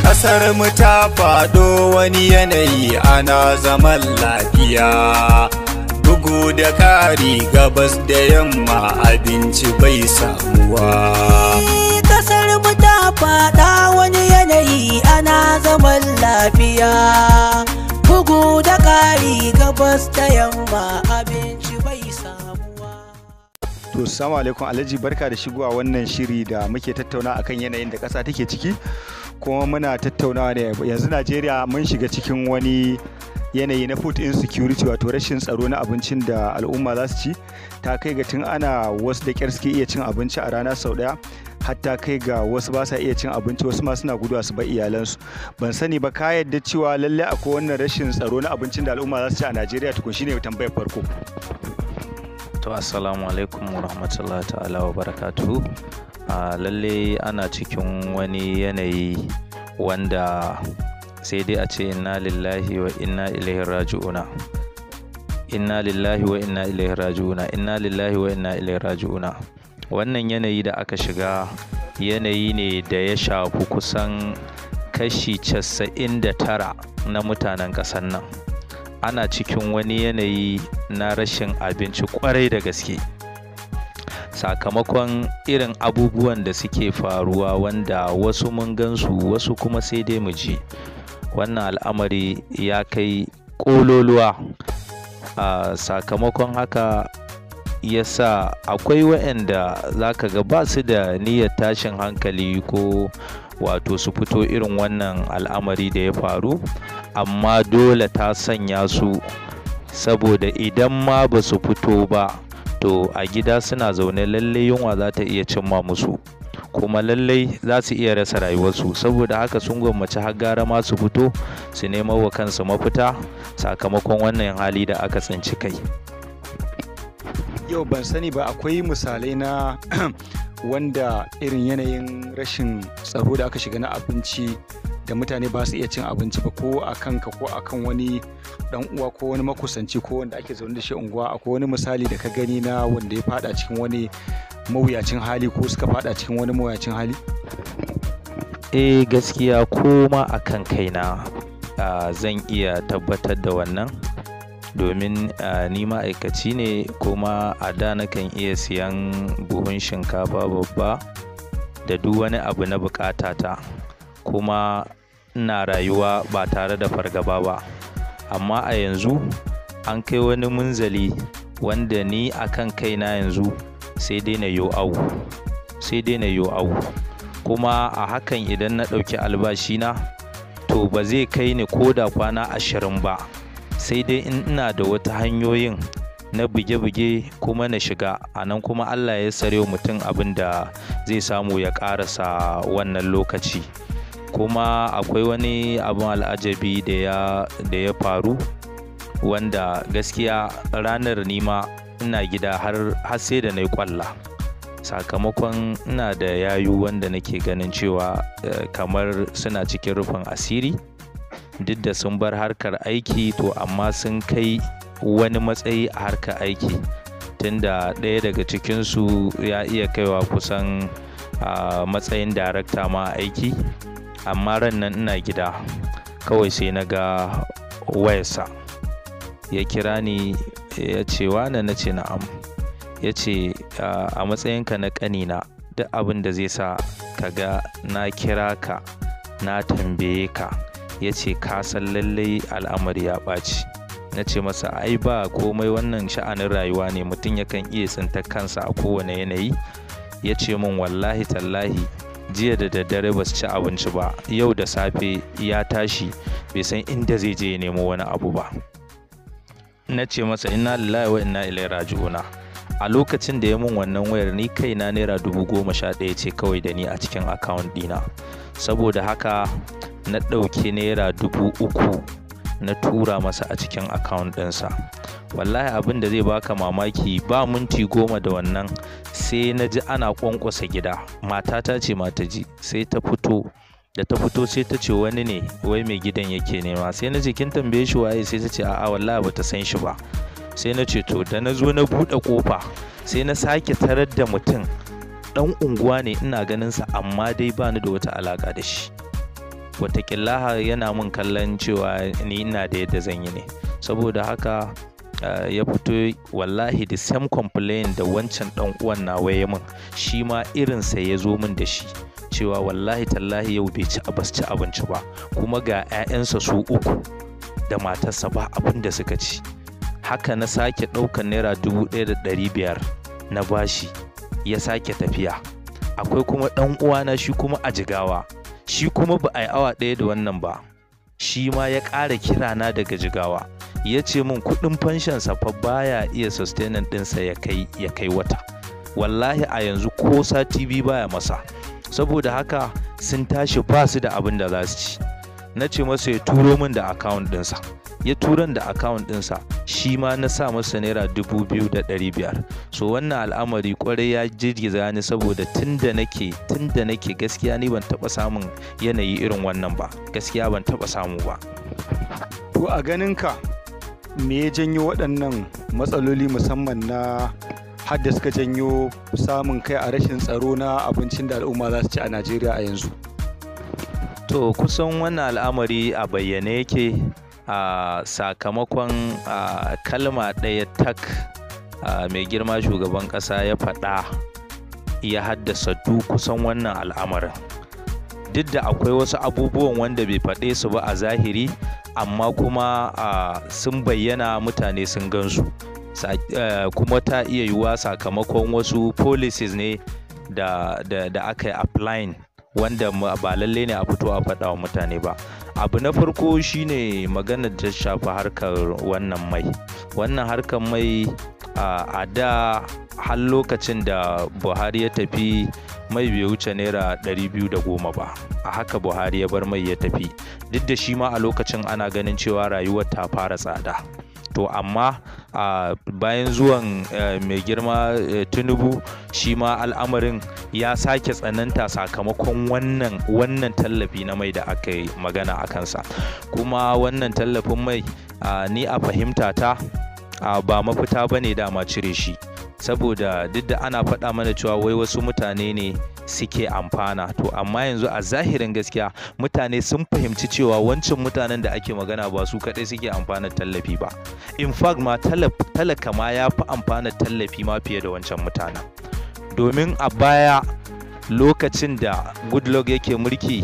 Ƙasar mu ta faɗo wani yanayi ana zaman lafiya Bugu da ƙari gabas da yamma abinci bai samuwa Ƙasar mu ta faɗa wani yanayi ana zaman lafiya Bugu da ƙari gabas da yamma abinci bai samuwa To salamu alaikum Alhaji barka da shigowa wannan shiri da muke tattauna akan yanayin da ƙasa take ciki kuma muna tattaunawa ne yanzu najeriya mun shiga cikin wani yanayi na food insecurity wato rashin tsaro na abincin da al'umma za su ci ta kai ga tun ana wasu da suke iya cin abinci a rana sau daya hatta kai ga wasu ba sa iya cin abinci wasu ma suna guduwa su bar iyalansu ban sani ba ka yadda cewa lalle akwai wannan rashin tsaro na abincin da al'umma za su ci a najeriya tukun shine tambayar farko to assalamu alaikum wa rahmatullahi ta'ala wa barakatuhu a lalle ana cikin wani yanayi wanda sai dai a ce inna lillahi wa inna ilaihi raji'una inna lillahi wa inna ilaihi raji'una inna lillahi wa inna ilaihi raji'una wannan yanayi da aka shiga yanayi ne da ya shafi kusan kashi 99 na mutanen ƙasar nan ana cikin wani yanayi na rashin abinci kwarai da gaske sakamakon irin abubuwan da suke faruwa wanda wasu mun gansu wasu kuma sai dai mu ji wannan al'amari ya kai ƙololuwa a sakamakon haka ya sa akwai waɗanda za ka ga ba su da niyyar tashin hankali ko wato su fito irin wannan al'amari da ya faru amma dole ta sanya su saboda idan ma ba su fito ba to a gida suna zaune lalle yunwa za ta iya cimma musu kuma lallai za su iya rasa rayuwarsu saboda haka sun gwammaci har gara ma su fito su nemo wa kansu mafita sakamakon wannan hali da aka tsinci kai yau ban sani ba akwai misalai na wanda irin yanayin rashin tsaro da aka shiga na abinci da mutane ba su iya cin abinci ba ko a kanka ko a kan wani dan uwa ko wani makusanci ko wanda ake zaune da shi unguwa a wani misali da ka gani na wanda ya fada cikin wani mawuyacin hali ko suka fada cikin wani mawuyacin hali eh gaskiya ko ma a kan kaina zan iya tabbatar da wannan domin ni ma'aikaci ne kuma a da nakan iya siyan buhun shinkafa babba da duk wani abu na bukata ta kuma ina rayuwa ba tare da fargaba ba. Amma a yanzu an kai wani munzali wanda ni a kan kaina yanzu sai dai na yo awu, sai dai na yo awu. Kuma a hakan idan na ɗauki albashina to ba zai kai ni ko da kwana ashirin ba. Sai dai in ina da wata hanyoyin na buge-buge kuma na shiga a nan kuma Allah ya sarewa mutum abin da zai samu ya ƙarasa wannan lokaci. kuma akwai wani abin al'ajabi da ya faru wanda gaskiya ranar nima ina gida har sai da na yi kwalla sakamakon ina da yayu wanda nake ganin cewa eh, kamar suna cikin rufin asiri duk da sun bar harkar aiki to amma sun kai wani matsayi a harkar aiki tunda ɗaya daga cikinsu ya iya kaiwa kusan ah, matsayin darakta ma aiki amma ran nan ina gida kawai sai na ga wayarsa ya kira ni ya ce wane na ce na'am ya ce a matsayinka na kanina duk abin da zai sa ka ga na kira ka na tambaye ka ya ce ka lallai al'amari ya ɓaci na ce masa ai ba komai wannan sha'anin rayuwa ne mutum yakan iya tsinta kansa a kowane yanayi ya ce min wallahi tallahi jiya da daddare ba su ci abinci ba yau da safe ya tashi bai san inda zai je ya nemo wani abu ba na ce masa ina lillahi wa inna ilaihi raji'una a lokacin da ya mun wannan wayar ni kaina naira dubu goma sha ɗaya ce kawai da ni a cikin akawun ɗina saboda haka na ɗauki naira dubu uku na tura masa a cikin akawun ɗinsa wallahi abin da zai baka mamaki ba minti goma da wannan sai na ji ana kwankwasa gida matata ce mata ji sai ta fito da ta fito sai ta ce wani ne wai mai gidan yake nema sai na ce kin tambaye shi waye sai ta ce a'a wallahi ta san shi ba sai na ce to da na zo na buɗe kofa sai na sake tarar da mutum dan unguwa ne ina ganin sa amma dai bani da wata alaka da shi wataƙila yana min kallon cewa ni ina da yadda zan yi ne saboda haka Eh, ya fito wallahi the same complain da wancan dan uwan nawa ya mun shi ma irin sa ya zo min da shi cewa wallahi tallahi yau bai ci abas ci abinci ba kuma ga 'ya'yansa su uku da matarsa ba abin da suka ci haka na sake ɗaukar naira dubu ɗaya da ɗari biyar na bashi ya sake tafiya akwai kuma ɗan uwana shi kuma a jigawa shi kuma ba a yi awa ɗaya da wannan ba shi ma ya ƙara kirana daga jigawa ya ce min kuɗin fanshansa fa baya iya sustaining ɗinsa ya kai ya kai wata wallahi a yanzu ko sati biyu baya masa saboda haka sun tashi ba su da abin da za su ci na ce masa ya turo min da account ɗinsa ya turan da account ɗinsa shi ma na sa masa naira dubu biyu da ɗari biyar so wannan al'amari kwarai ya za ni saboda da nake da nake gaskiya ni ban taɓa samun yanayi irin wannan ba gaskiya ban taba samu ba to a ganinka me ya janyo waɗannan matsaloli musamman na hadda suka janyo samun kai a rashin tsaro na abincin da al'umma za su ci a najeriya a yanzu to kusan wannan al'amari a bayyane yake a sakamakon kalma ɗaya tak mai girma shugaban ƙasa ya faɗa ya haddasa duk kusan wannan al'amarin duk da akwai wasu abubuwan wanda bai faɗe su ba a zahiri amma kuma sun bayyana mutane sun gansu eh, kuma ta iya yiwuwa sakamakon wasu policies ne da, aka yi applying wanda ba lalle ne a fito a faɗa wa mutane ba abu na farko shine magana da ta shafi harkar wannan mai wannan harkar mai a da har lokacin da buhari ya tafi mai bai wuce naira 210 ba a haka buhari ya bar mai ya tafi duk da shi ma a lokacin ana ganin cewa rayuwar ta fara tsada to amma a bayan zuwan e, mai girma e, tinubu shi ma al'amarin ya sake tsananta sakamakon wannan wannan tallafi na mai da aka yi magana a kansa kuma wannan tallafin mai ni a fahimta ta ba mafita ba ne dama cire shi saboda duk da ana faɗa mana cewa wai wasu mutane ne suke amfana to amma yanzu a zahirin gaskiya mutane sun fahimci cewa wancan mutanen da ake magana ba su kaɗai suke amfana tallafi ba in fact ma talaka ma ya fi amfana tallafi ma fiye da wancan mutanen domin a baya lokacin da goodluck yake mulki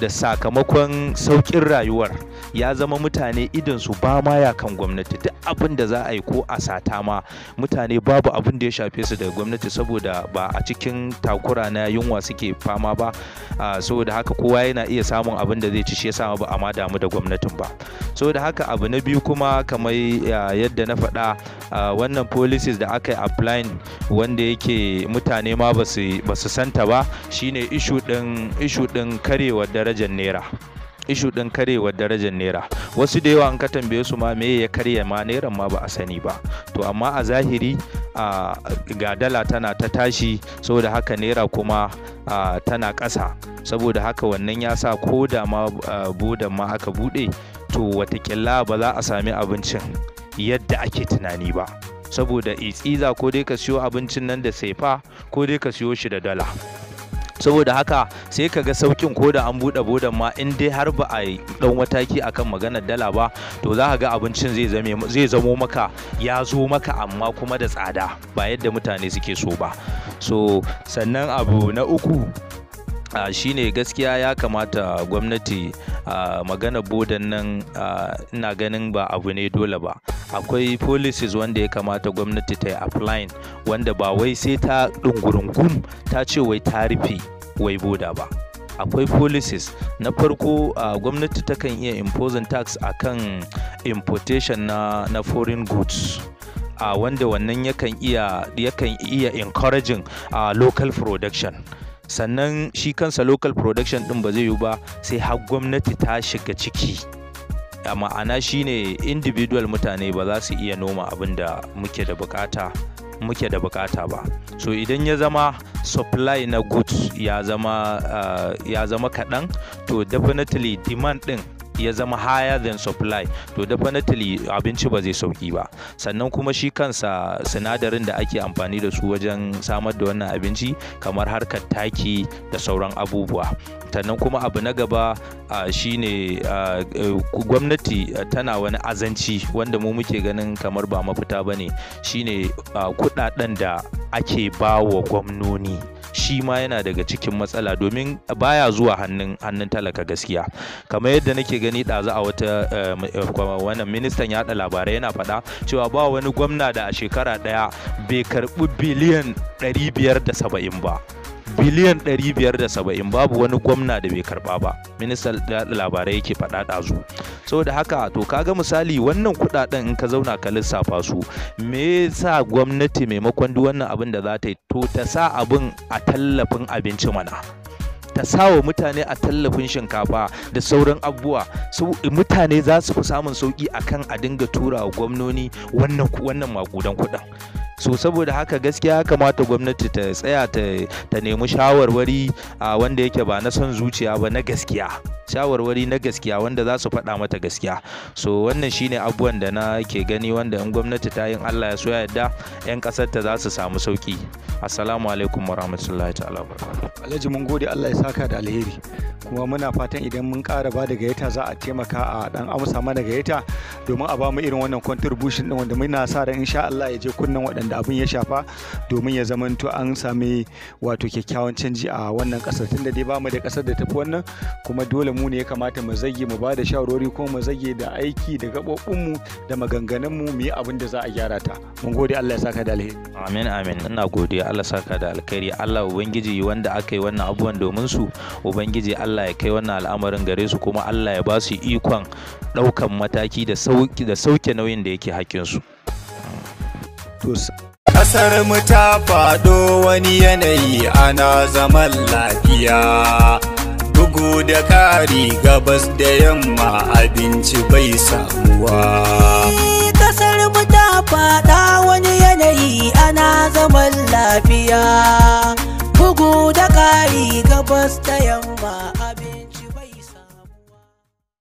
da sakamakon saukin rayuwar ya zama mutane idan su ba ma ya kan gwamnati duk abin da za a yi ko a sata ma mutane babu abin da ya shafe su daga gwamnati saboda ba a cikin takura na yunwa suke fama ba saboda haka kowa yana iya samun abin da zai ci shi yasa ba a damu da gwamnatin ba saboda haka abu na biyu kuma kamar yadda na faɗa wannan policies da aka yi applying wanda yake mutane ma ba su santa ba shine ishu din karewa darajar naira ishu din karewar darajar naira wasu da yawa an ka tambaye su ma me ya karya ma nairan ma ba a sani ba to amma a zahiri a ga dala tana ta tashi saboda haka naira kuma tana ƙasa saboda haka wannan ya sa ko da ma bodan ma aka bude to watakila ba za a sami abincin yadda ake tunani ba saboda itsiza ko dai ka siyo abincin nan da saifa ko dai ka siyo shi da dala saboda haka sai ka ga saukin ko da an buɗe bodan ma in dai har ba a yi ɗan mataki akan maganar dala ba to za ka ga abincin zai zamo maka ya zo maka amma kuma da tsada ba yadda mutane suke so ba so sannan abu na uku Uh, ne gaskiya ya kamata gwamnati uh, magana bodan nan ina ganin ba abu ne dole ba akwai policies wanda ya kamata gwamnati ta yi applying wanda ba wai sai ta ɗungurungun ta ce wai ta rufe wai boda ba akwai policies na farko uh, gwamnati takan iya imposing tax akan importation na, na foreign goods uh, wanda wannan yakan iya yakan iya encouraging uh, local production sannan shi kansa local production din ba zai yiwu ba sai har gwamnati ta shiga ciki a ma'ana shine individual mutane ba za su iya noma abin da muke da bukata muke da bukata ba so idan ya zama supply na goods ya zama ah, kaɗan to definitely demand ɗin ya zama higher than supply to definitely abinci ba zai sauki ba sannan kuma shi kansa sinadarin da ake amfani da su wajen samar da wannan abinci kamar harkar taki da sauran abubuwa sannan kuma abu na gaba shi ne gwamnati tana wani azanci wanda mu muke ganin kamar ba mafita ba ne shi ne kudaden da ake ba wa gwamnoni shi ma yana daga cikin matsala domin baya zuwa hannun hannun talaka gaskiya kamar yadda nake gani ɗazu a wata eh, wannan ministan yaɗa labarai yana faɗa cewa ba wani gwamna da a shekara ɗaya bai karɓi biliyan 570 ba biliyan 570 babu wani gwamna da bai karba ba ministan labarai yake faɗa ɗazu saboda haka to kaga misali wannan kuɗaɗen in ka zauna ka lissafa su me yasa gwamnati maimakon duk wannan abin da za ta yi to ta sa abin a tallafin abinci mana ta sawa mutane a tallafin shinkafa da sauran abubuwa mutane za su fi samun sauki kan a dinga tura wa gwamnoni wannan wannan makudan kuɗin so saboda haka gaskiya ya kamata gwamnati ta tsaya ta nemi shawarwari a wanda yake ba na son zuciya ba na gaskiya shawarwari na gaskiya wanda za su faɗa mata gaskiya so wannan shine abubuwan da na ke gani wanda in gwamnati ta yin allah ya so ya yadda 'yan ƙasar ta za su samu sauki assalamu alaikum warahmatullahi ta'ala alhaji mun gode allah ya saka da alheri kuma muna fatan idan mun ƙara ba da gayyata za a taimaka a dan amsa mana gayyata domin a bamu irin wannan contribution din wanda muna sa ran insha Allah ya je kunnan waɗanda abin ya shafa domin ya to an sami wato kyakkyawan canji a wannan ƙasar tunda dai bamu da ƙasar da tafi wannan kuma dole mu ne ya kamata mu zage mu ba da shawarwari kuma mu zage da aiki da gaɓoɓinmu da maganganunmu mu yi abin da za a gyara ta mun gode Allah ya saka da alheri amin amin ina godiya Allah saka da alkhairi Allah ubangiji wanda aka yi wannan abubuwan domin su ubangiji Allah Allah ya kai wannan al'amarin gare su kuma Allah ya ba su ikon ɗaukan mataki da sauke nauyin da yake hakinsu. Ƙasar mu ta faɗo wani yanayi ana zaman lafiya. Bugu da ƙari gabas da yamma abinci bai samuwa. Ƙasar mu ta faɗa wani yanayi ana zaman lafiya. Bugu da ƙari gabas da yamma